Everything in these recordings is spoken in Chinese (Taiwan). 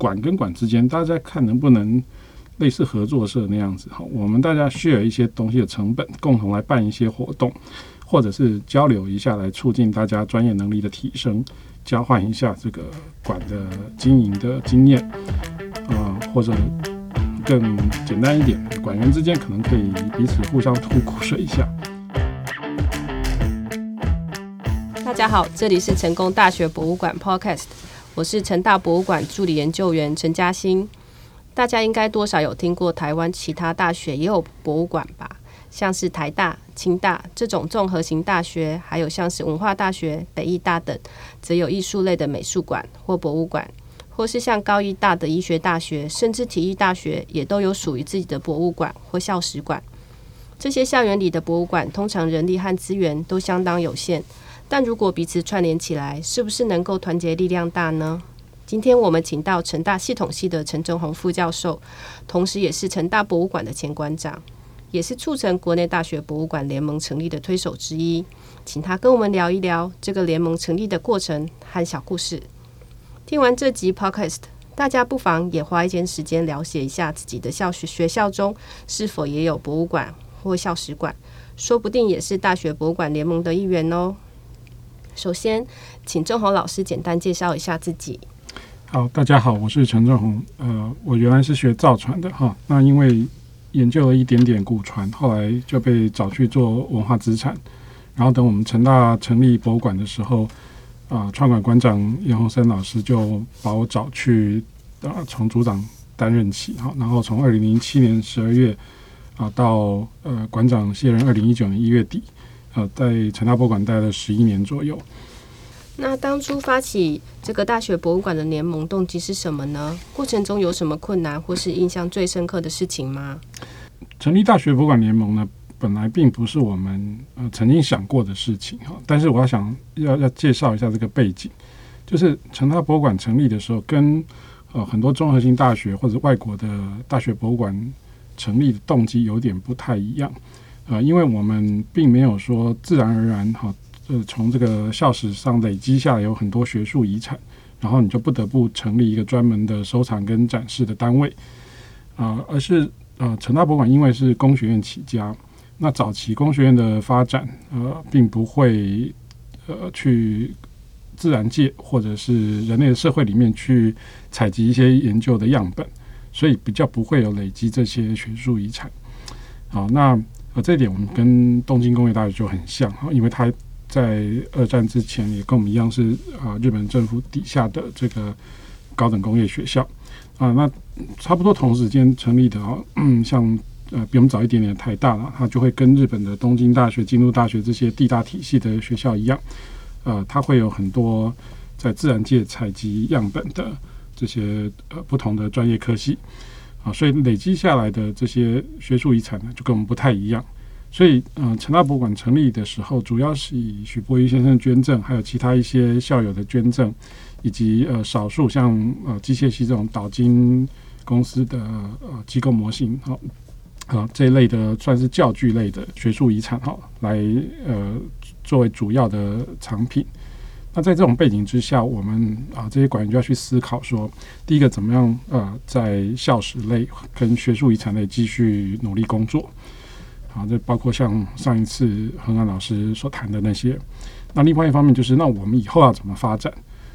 館跟館之間，大家看能不能類似合作社那樣子哈，我們大家 share 一些東西的成本，共同來辦一些活動，或者是交流一下，來促進大家專業能力的提升，交換一下這個館的經營的經驗，啊、呃，或者更簡單一點，館員之間可能可以彼此互相吐苦水一下。大家好，這裡是成功大學博物館 Podcast。我是成大博物館助理研究員陳佳欣。大家應該多少有聽過台灣其他大學也有博物館吧？像是台大、清大這種綜合型大學，還有像是文化大學、北藝大等，則有藝術類的美術館或博物館；或是像高醫大的醫學大學，甚至體育大學，也都有屬於自己的博物館或校史館。這些校園裡的博物館，通常人力和資源都相當有限。但如果彼此串聯起來，是不是能夠團結力量大呢？今天我們請到成大系統系的陳政宏副教授，同時也是成大博物館的前館長，也是促成國內大學博物館聯盟成立的推手之一，請他跟我們聊一聊這個聯盟成立的過程和小故事。聽完這集 Podcast，大家不妨也花一點時間了解一下自己的校學學校中是否也有博物館或校史館，說不定也是大學博物館聯盟的一員哦。首先，請政宏老師簡單介紹一下自己。好，大家好，我是陳政宏。呃，我原來是學造船的哈，那因為研究了一點點古船，後來就被找去做文化資產。然後等我們成大成立博物館的時候，啊、呃，創館館長顏鴻森老師就把我找去，啊、呃，從組長擔任起。好，然後從二零零七年十二月啊、呃，到呃館長卸任二零一九年一月底。呃，在成大博物館待了十一年左右。那當初發起這個大學博物館的聯盟動機是什麼呢？過程中有什麼困難或是印象最深刻的事情嗎？成立大學博物館聯盟呢，本來並不是我們呃曾經想過的事情哈。但是我要想要要介紹一下這個背景，就是成大博物館成立的時候，跟呃很多綜合性大學或者外國的大學博物館成立的動機有點不太一樣。啊、呃，因為我們並沒有說自然而然哈、哦，呃，從這個校史上累積下來有很多學術遺產，然後你就不得不成立一個專門的收藏跟展示的單位，啊、呃，而是呃，成大博物館因為是工學院起家，那早期工學院的發展，呃，並不會呃去自然界或者是人類的社會裡面去採集一些研究的樣本，所以比較不會有累積這些學術遺產。好、哦，那。啊、呃，這點我們跟東京工業大學就很像哈，因為它在二戰之前也跟我們一樣是啊、呃，日本政府底下的這個高等工業學校啊、呃，那差不多同時間成立的啊、呃，像呃比我們早一點點台大了，它就會跟日本的東京大學、京都大學這些帝大體系的學校一樣，呃，它會有很多在自然界採集樣本的這些呃不同的專業科系。啊，所以累積下來的這些學術遺產呢，就跟我們不太一樣。所以，嗯、呃，成大博物館成立的時候，主要是以許博一先生捐贈，還有其他一些校友的捐贈，以及呃，少數像呃機械系這種島津公司的呃機構模型，哈，啊、呃、這一類的算是教具類的學術遺產，哈，來呃作為主要的藏品。那在這種背景之下，我們啊這些館員就要去思考說，第一個怎麼樣呃、啊、在校史類跟學術遺產類繼續努力工作，啊。這包括像上一次恆安老師所談的那些。那另外一方面就是，那我們以後要怎麼發展，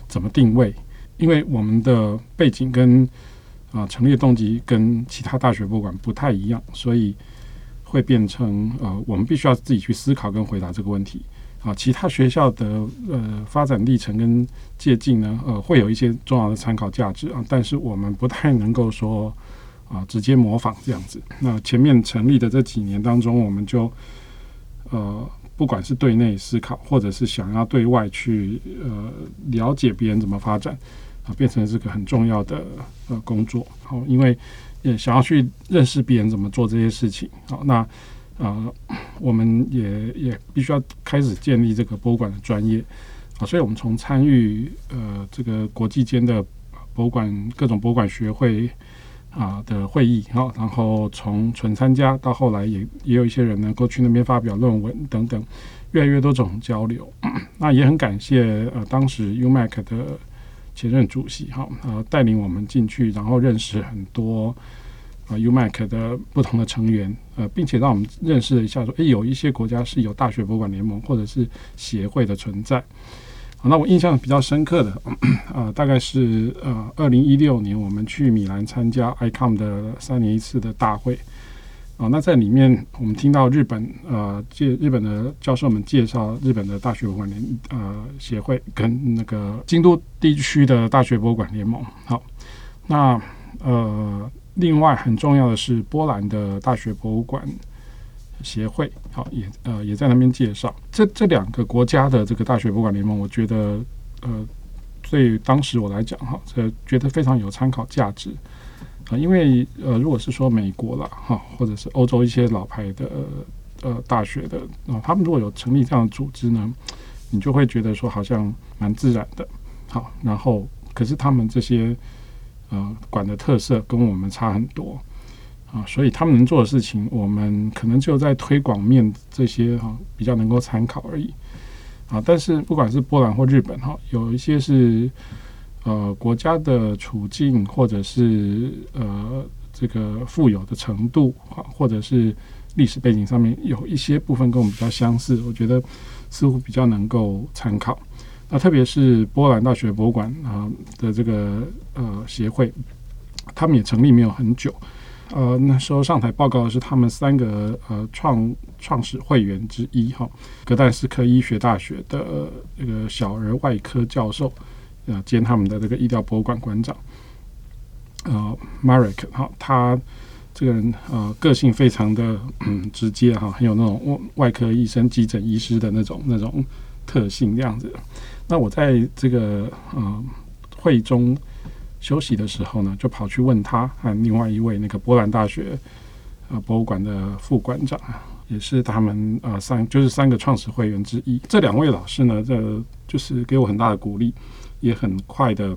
怎麼定位？因為我們的背景跟啊成立的動機跟其他大學博物館不太一樣，所以會變成呃、啊、我們必須要自己去思考跟回答這個問題。啊，其他學校的呃發展歷程跟借鏡呢，呃，會有一些重要的參考價值啊。但是我們不太能夠說，啊，直接模仿這樣子。那前面成立的這幾年當中，我們就呃，不管是對內思考，或者是想要對外去呃了解別人怎麼發展，啊，變成這個很重要的呃工作。好、啊，因為也想要去認識別人怎麼做這些事情。好、啊，那。啊、呃，我們也也必須要開始建立這個博物館的專業啊，所以我們從參與呃這個國際間的博物館，各種博物館學會啊的會議啊，然後從純參加到後來也也有一些人能夠去那邊發表論文等等，越來越多種交流。那也很感謝呃當時 UMAC 的前任主席哈、啊、呃帶領我們進去，然後認識很多。啊、uh,，UMAC 的不同的成員，呃，並且讓我們認識了一下，說，誒、欸，有一些國家是有大學博物館聯盟或者是協會的存在。好，那我印象比較深刻的，啊、呃，大概是呃，二零一六年我們去米蘭參加 ICOM 的三年一次的大會。啊、呃，那在裡面我們聽到日本，呃，介日本的教授們介紹日本的大學博物館聯，呃，協會跟那個京都地區的大學博物館聯盟。好，那呃。另外很重要的是波蘭的大學博物館協會，好也呃也在那邊介紹這這兩個國家的這個大學博物館聯盟，我覺得呃對當時我來講哈，這覺得非常有參考價值啊，因為呃如果是說美國啦哈，或者是歐洲一些老牌的呃大學的啊，他們如果有成立這樣的組織呢，你就會覺得說好像蠻自然的，好，然後可是他們這些。啊、呃，館的特色跟我們差很多啊，所以他們能做的事情，我們可能就在推廣面這些哈、啊、比較能夠參考而已啊。但是不管是波蘭或日本哈、啊，有一些是呃國家的處境，或者是呃這個富有的程度啊，或者是歷史背景上面有一些部分跟我們比較相似，我覺得似乎比較能夠參考。特別是波蘭大學博物館啊的這個呃協會，他們也成立沒有很久，呃那時候上台報告的是他們三個呃創創始會員之一哈，格但斯克醫學大學的這個小兒外科教授，呃兼他們的這個醫療博物館館長，呃 Marek 哈，他這個人呃個性非常的嗯直接哈，很有那種外外科醫生急診醫師的那種那種。特性這樣子，那我在這個嗯、呃、會中休息的時候呢，就跑去問他，還有另外一位那個波蘭大學呃博物館的副館長，也是他們啊、呃、三就是三個創始會員之一。這兩位老師呢，這就是給我很大的鼓勵，也很快的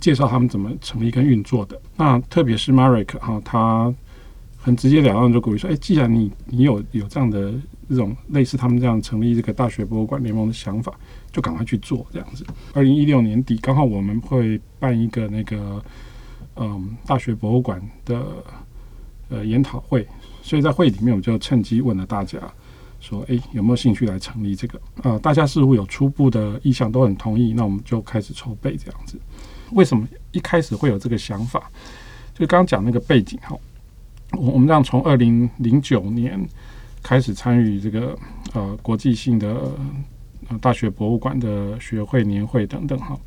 介紹他們怎麼成立跟運作的。那特別是 Marek 哈、啊，他很直截了當就鼓勵說：“哎、欸，既然你你有有這樣的。”這種類似他們這樣成立這個大學博物館聯盟的想法，就趕快去做這樣子。二零一六年底，剛好我們會辦一個那個，嗯，大學博物館的呃研討會，所以在會裡面我就趁機問了大家，說：“誒、欸，有沒有興趣來成立這個？”呃大家似乎有初步的意向，都很同意。那我們就開始籌備這樣子。為什麼一開始會有這個想法？就剛剛講那個背景哈，我我們這樣從二零零九年。開始參與這個呃國際性的、呃、大學博物館的學會年會等等哈、啊，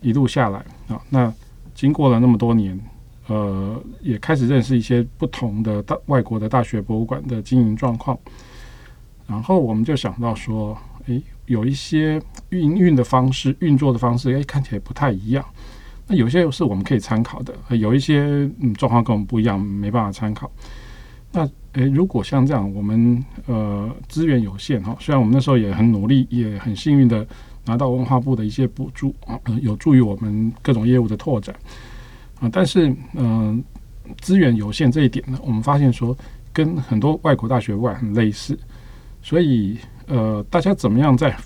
一路下來啊，那經過了那麼多年，呃，也開始認識一些不同的大外國的大學博物館的經營狀況，然後我們就想到說，誒、欸，有一些營運的方式、運作的方式，誒、欸，看起來不太一樣。那有些是我們可以參考的，欸，有一些嗯狀況跟我們不一樣，沒辦法參考。那哎，如果像這樣，我們呃資源有限哈，雖然我們那時候也很努力，也很幸運的拿到文化部的一些補助啊、呃，有助於我們各種業務的拓展啊、呃，但是嗯、呃、資源有限這一點呢，我們發現說跟很多外國大學館很類似，所以呃大家怎麼樣在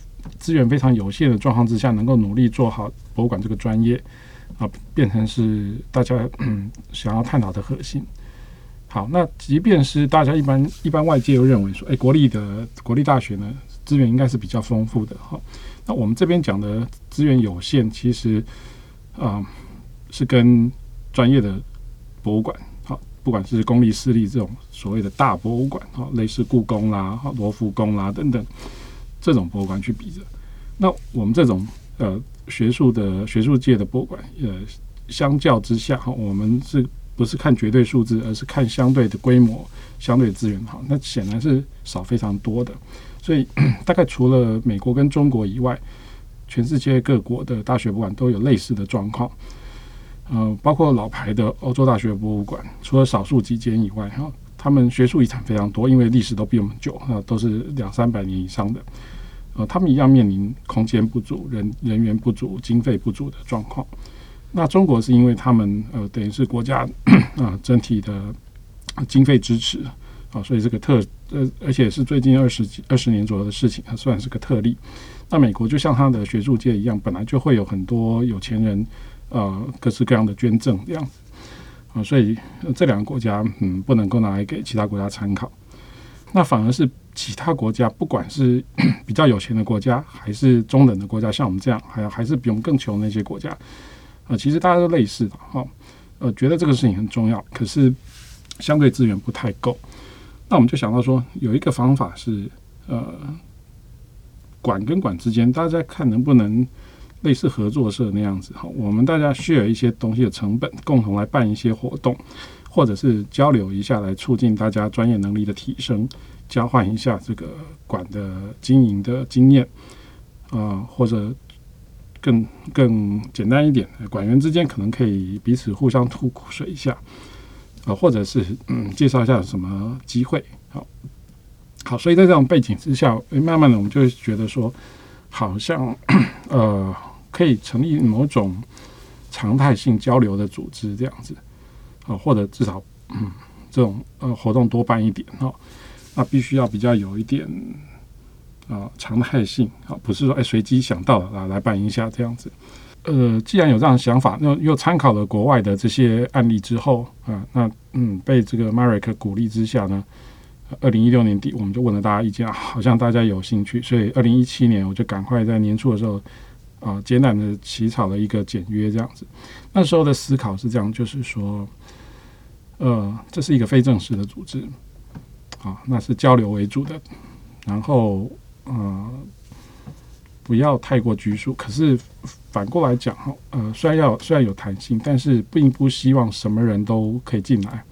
資源非常有限的狀況之下，能夠努力做好博物館這個專業啊、呃，變成是大家嗯想要探討的核心。好，那即便是大家一般一般外界都認為說，哎、欸，國立的國立大學呢，資源應該是比較豐富的哈。那我們這邊講的資源有限，其實啊、呃，是跟專業的博物館，好，不管是公立私立這種所謂的大博物館，哈，類似故宮啦、羅浮宮啦等等這種博物館去比的。那我們這種呃學術的學術界的博物館，呃，相較之下，哈，我們是。不是看絕對數字，而是看相對的規模、相對資源。好，那顯然是少非常多的，所以 大概除了美國跟中國以外，全世界各國的大學博物館都有類似的狀況。呃，包括老牌的歐洲大學博物館，除了少數幾間以外哈，他們學術遺產非常多，因為歷史都比我們久啊、呃，都是兩三百年以上的。呃，他們一樣面臨空間不足、人人員不足、經費不足的狀況。那中國是因為他們呃，等於是國家啊、 呃、整體的經費支持啊、呃，所以這個特呃，而且是最近二十幾二十年左右的事情，它雖然是個特例。那美國就像它的學術界一樣，本來就會有很多有錢人呃，各式各樣的捐贈這樣啊、呃，所以這兩個國家嗯，不能夠拿來給其他國家參考。那反而是其他國家，不管是 比較有錢的國家，還是中等的國家，像我們這樣，還有還是比我們更窮的那些國家。啊、呃，其實大家都類似的，哈、哦，呃，覺得這個事情很重要，可是相對資源不太夠，那我們就想到說，有一個方法是，呃，館跟館之間，大家看能不能類似合作社的那樣子，哈、哦，我們大家 share 一些東西的成本，共同來辦一些活動，或者是交流一下，來促進大家專業能力的提升，交換一下這個館的經營的經驗，啊、呃，或者。更更簡單一點，館員之間可能可以彼此互相吐苦水一下，啊、呃，或者是嗯，介紹一下有什麼機會，好、哦，好，所以在這種背景之下、欸，慢慢的我們就會覺得說，好像呃，可以成立某種常態性交流的組織這樣子，啊、呃，或者至少嗯，這種呃活動多辦一點哈、哦，那必須要比較有一點。啊，常態性啊，不是說哎，隨機想到了來來辦一下這樣子。呃，既然有這樣的想法，那又，又參考了國外的這些案例之後啊，那嗯，被這個 Marek 鼓勵之下呢，二零一六年底我們就問了大家意見啊，好像大家有興趣，所以二零一七年我就趕快在年初的時候啊，簡單的起草了一個簡約這樣子。那時候的思考是這樣，就是說，呃，這是一個非正式的組織，啊，那是交流為主的，然後。呃，不要太過拘束。可是反過來講哈，呃，雖然要雖然有彈性，但是並不希望什麼人都可以進來。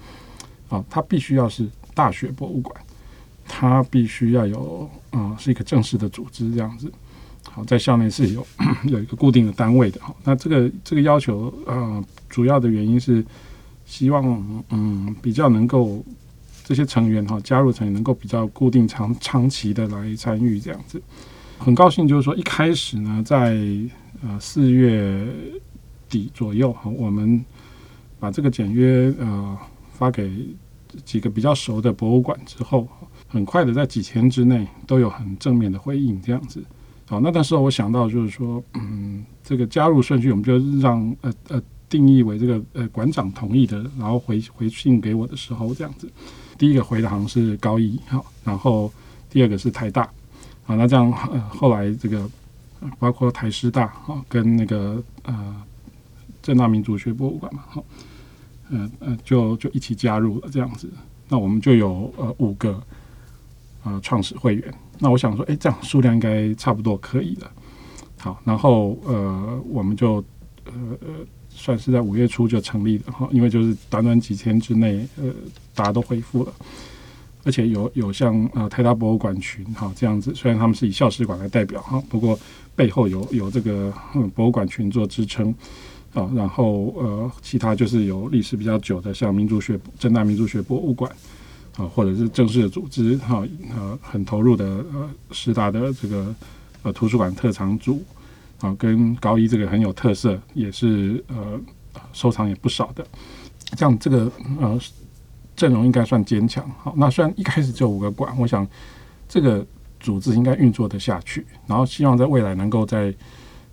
啊，他必須要是大學博物館，他必須要有啊、呃，是一個正式的組織這樣子。好，在校內是有是有一個固定的單位的。好，那這個這個要求，呃，主要的原因是希望嗯比較能夠。這些成員哈，加入成員能夠比較固定長長期的來參與這樣子，很高興就是說，一開始呢，在呃四月底左右哈，我們把這個簡約呃發給幾個比較熟的博物館之後，很快的在幾天之內都有很正面的回應這樣子。好，那個時候我想到就是說，嗯，這個加入順序我們就讓呃呃定義為這個呃館長同意的，然後回回信給我的時候這樣子。第一個回的是高醫哈，然後第二個是台大，啊，那這樣、呃、後來這個包括台師大啊、哦，跟那個呃政大民族學博物館嘛，哈、哦，呃呃就就一起加入了這樣子，那我們就有呃五個呃創始會員，那我想說，哎、欸，這樣數量應該差不多可以了，好，然後呃我們就呃。嗯。算是在五月初就成立的哈，因為就是短短幾天之內，呃，大家都恢復了，而且有有像呃台大博物館群哈、哦、這樣子，雖然他們是以校史館來代表哈、哦，不過背後有有這個、嗯、博物館群做支撐啊、哦，然後呃，其他就是有歷史比較久的，像民族學、政大民族學博物館啊、哦，或者是正式的組織哈、哦，呃，很投入的呃，師大的這個呃圖書館特長組。啊，跟高一這個很有特色，也是呃收藏也不少的，像這個呃陣容應該算堅強。好，那雖然一開始就五個館，我想這個組織應該運作得下去，然後希望在未來能夠再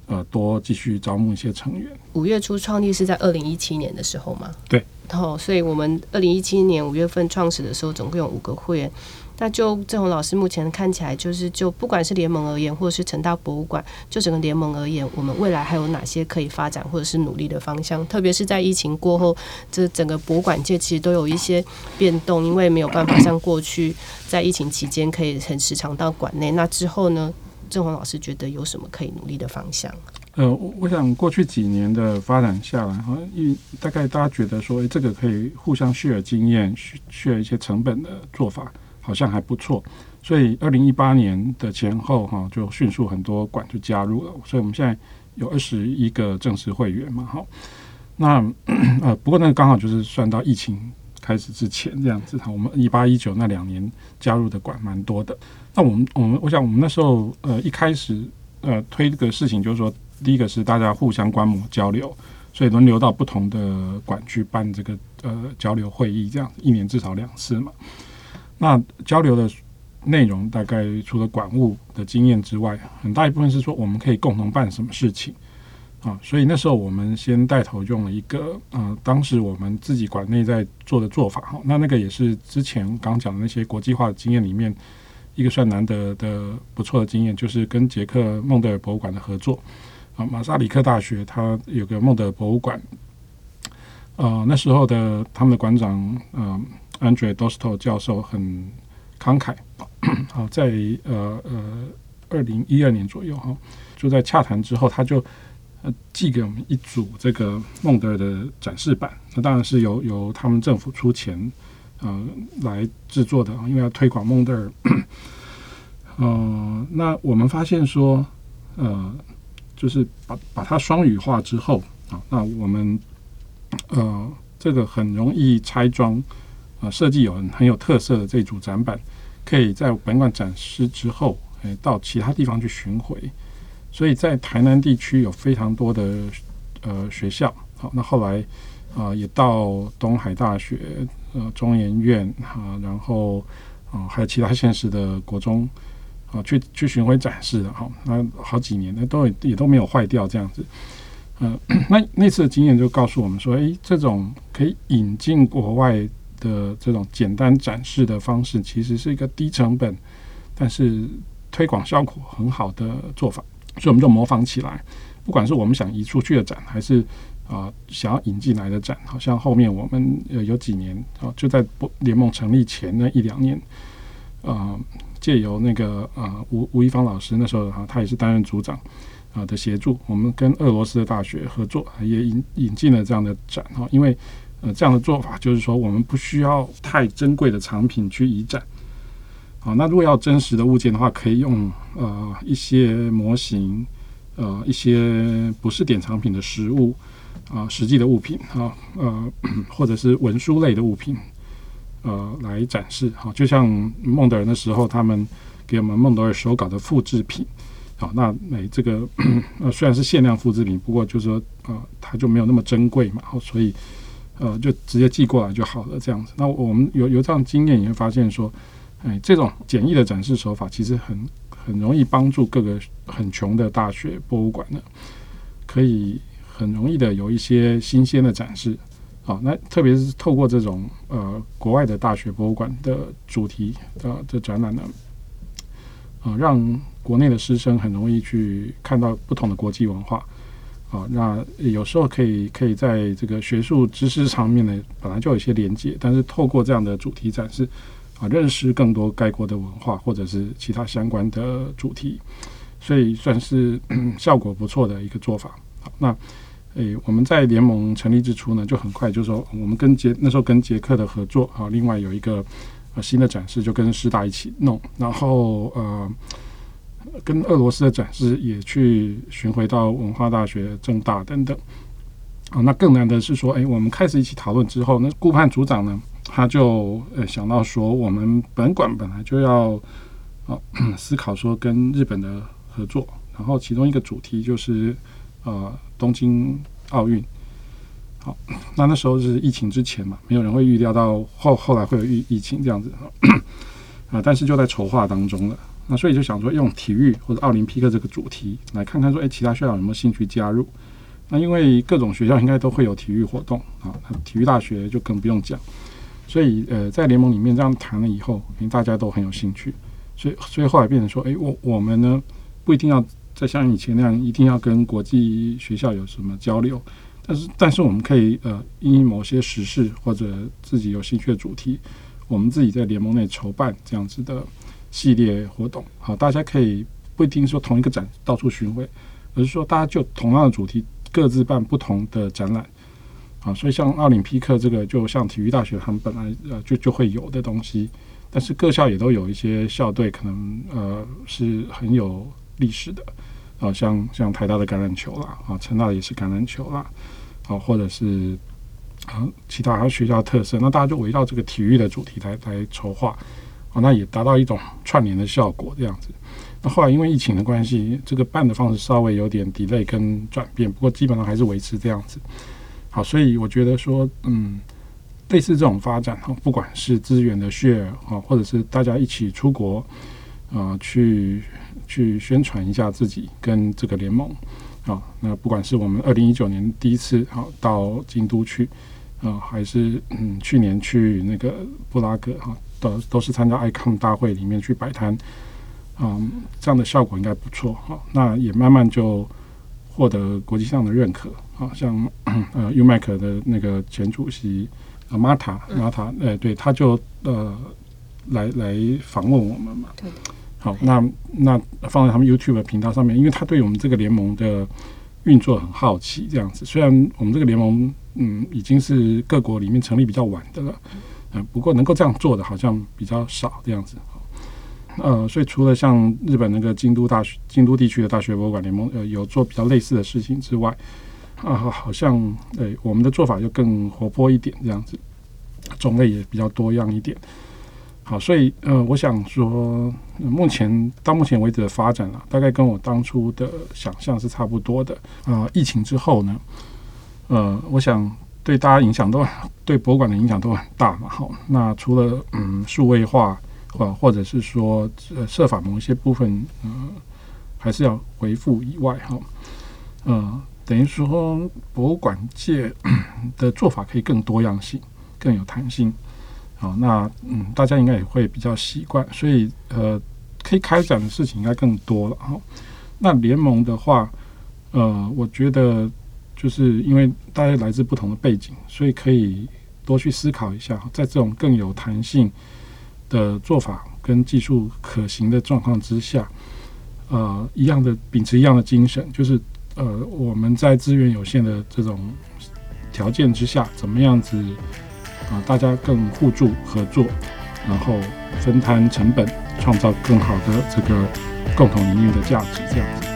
呃多繼續招募一些成員。五月初創立是在二零一七年的時候嗎？對，然後所以我們二零一七年五月份創始的時候，總共有五個會員。那就政宏老師目前看起來，就是就不管是聯盟而言，或者是成大博物館，就整個聯盟而言，我們未來還有哪些可以發展或者是努力的方向？特別是在疫情過後，這整個博物館界其實都有一些變動，因為沒有辦法像過去在疫情期間可以很時常到館內。那之後呢，政宏老師覺得有什麼可以努力的方向？呃，我想過去幾年的發展下來，好像一，大概大家覺得說，哎，這個可以互相需要經驗，需要一些成本的做法。好像還不錯，所以二零一八年的前後哈，就迅速很多館就加入了，所以我們現在有二十一個正式會員嘛，哈，那呃，不過那剛好就是算到疫情開始之前這樣子哈，我們一八一九那兩年加入的館蠻多的，那我們我們我想我們那時候呃一開始呃推這個事情，就是說第一個是大家互相觀摩交流，所以輪流到不同的館去辦這個呃交流會議這樣，一年至少兩次嘛。那交流的內容大概除了館務的經驗之外，很大一部分是說我們可以共同辦什麼事情啊。所以那時候我們先帶頭用了一個，呃，當時我們自己館內在做的做法哈。那、啊、那個也是之前剛講的那些國際化的經驗裡面，一個算難得的不錯的經驗，就是跟捷克孟德爾博物館的合作啊。馬薩里克大學它有個孟德爾博物館，呃，那時候的他們的館長，嗯、呃。Andrei Dosto 教授很慷慨，啊， 在呃呃二零一二年左右哈，就在洽談之後，他就寄給我們一組這個孟德爾的展示板，那當然是由由他們政府出錢呃來製作的，因為要推廣孟德爾、 呃。那我們發現說呃，就是把把它雙語化之後啊，那我們呃這個很容易拆裝。呃，設計有很,很有特色的這組展板，可以在本館展示之後，哎、欸，到其他地方去巡回，所以在台南地區有非常多的呃學校，好，那後來啊、呃、也到東海大學呃中研院、啊、然後啊、呃、還有其他縣市的國中啊去去巡回展示的哈，那好幾年那都也,也都沒有壞掉這樣子，呃，那那次的經驗就告訴我們說，誒、欸，這種可以引進國外。的這種簡單展示的方式，其實是一個低成本，但是推廣效果很好的做法，所以我們就模仿起來。不管是我們想移出去的展，還是啊、呃、想要引進來的展，好像後面我們呃有幾年啊，就在聯盟成立前的一兩年，啊借由那個啊吳吳一芳老師那時候啊，他也是擔任組長啊的協助，我們跟俄羅斯的大學合作，也引引進了這樣的展哈、啊，因為。呃，這樣的做法就是說，我們不需要太珍貴的藏品去移展。好，那如果要真實的物件的話，可以用呃一些模型，呃一些不是典藏品的實物啊、呃，實際的物品啊，呃或者是文書類的物品，呃來展示。好，就像孟德爾的時候，他們給我們孟德爾手稿的複製品。好，那哎、欸，這個 呃雖然是限量複製品，不過就是說呃，它就沒有那麼珍貴嘛，好，所以。呃，就直接寄過來就好了，這樣子。那我們有有這樣經驗，你會發現說，哎，這種簡易的展示手法其實很很容易幫助各個很窮的大學博物館呢，可以很容易的有一些新鮮的展示。啊，那特別是透過這種呃國外的大學博物館的主題的的，啊，展覽呢，啊，讓國內的師生很容易去看到不同的國際文化。啊，那有時候可以可以在這個學術知識上面呢，本來就有一些連接，但是透過這樣的主題展示，啊，認識更多該國的文化或者是其他相關的主題，所以算是效果不錯的一個做法。好，那誒、欸，我們在聯盟成立之初呢，就很快就說我們跟捷那時候跟捷克的合作啊，另外有一個呃、啊、新的展示就跟師大一起弄，然後呃。跟俄羅斯的展示也去巡迴到文化大學、政大等等，啊、哦，那更難得是說，誒、欸，我們開始一起討論之後，那顧盼組長呢，他就呃、欸、想到說，我們本館本來就要啊、哦、思考說跟日本的合作，然後其中一個主題就是呃東京奧運，好、哦，那那時候是疫情之前嘛，沒有人會預料到後後來會有疫疫情這樣子，啊、哦呃，但是就在籌劃當中了。那所以就想說，用體育或者奧林匹克這個主題來看看說，誒、欸，其他學校有沒有興趣加入？那因為各種學校應該都會有體育活動啊，那體育大學就更不用講。所以，呃，在聯盟裡面這樣談了以後，因為大家都很有興趣，所以，所以後來變成說，哎、欸，我我們呢，不一定要再像以前那樣，一定要跟國際學校有什麼交流，但是，但是我們可以，呃，因某些時事或者自己有興趣的主題，我們自己在聯盟內籌辦這樣子的。系列活動，好、啊，大家可以不一定說同一個展到處巡迴，而是說大家就同樣的主題，各自辦不同的展覽，啊，所以像奧林匹克這個，就像體育大學他們本來呃、啊、就就會有的東西，但是各校也都有一些校隊，可能呃是很有歷史的。啊，像像台大的橄欖球啦，啊，成大的也是橄欖球啦，啊，或者是啊其他學校特色，那大家就圍繞這個體育的主題來來籌劃。哦，那也達到一種串聯的效果，這樣子。那後來因為疫情的關係，這個辦的方式稍微有點 delay 跟轉變，不過基本上還是維持這樣子。好，所以我覺得說，嗯，類似這種發展，哦、不管是資源的 share 啊、哦，或者是大家一起出國啊、哦，去去宣傳一下自己跟這個聯盟。好、哦，那不管是我們二零一九年第一次啊、哦，到京都去啊、哦，還是嗯去年去那個布拉格哈。哦都都是參加 ICOM 大會裡面去擺攤，嗯，這樣的效果應該不錯哈、啊。那也慢慢就獲得國際上的認可啊，像呃 UMAC 的那個前主席阿瑪塔，阿瑪塔，哎、啊嗯欸，對，他就呃來來訪問我們嘛。對，好，okay. 那那放在他們 YouTube 的頻道上面，因為他對我們這個聯盟的運作很好奇，這樣子。雖然我們這個聯盟，嗯，已經是各國裡面成立比較晚的了。嗯嗯，不過能夠這樣做的好像比較少這樣子，呃，所以除了像日本那個京都大學、京都地區的大學博物館聯盟呃，有做比較類似的事情之外，啊，好像呃，我們的做法就更活潑一點這樣子，種類也比較多樣一點。好，所以呃，我想說，目前到目前為止的發展啊，大概跟我當初的想象是差不多的。啊，呃，疫情之後呢，呃，我想。對大家影響都對博物館的影響都很大嘛，哈。那除了嗯數位化，或者是說設法某一些部分嗯、呃、還是要恢復以外，哈、哦，呃，等於說博物館界的做法可以更多樣性，更有彈性，好、哦，那嗯大家應該也會比較習慣，所以呃可以開展的事情應該更多了，哈、哦。那聯盟的話，呃，我覺得。就是因為大家來自不同的背景，所以可以多去思考一下，在這種更有彈性的做法跟技術可行的狀況之下，呃，一樣的秉持一樣的精神，就是呃，我們在資源有限的這種條件之下，怎麼樣子啊，呃，大家更互助合作，然後分攤成本，創造更好的這個共同營運的價值，這樣子。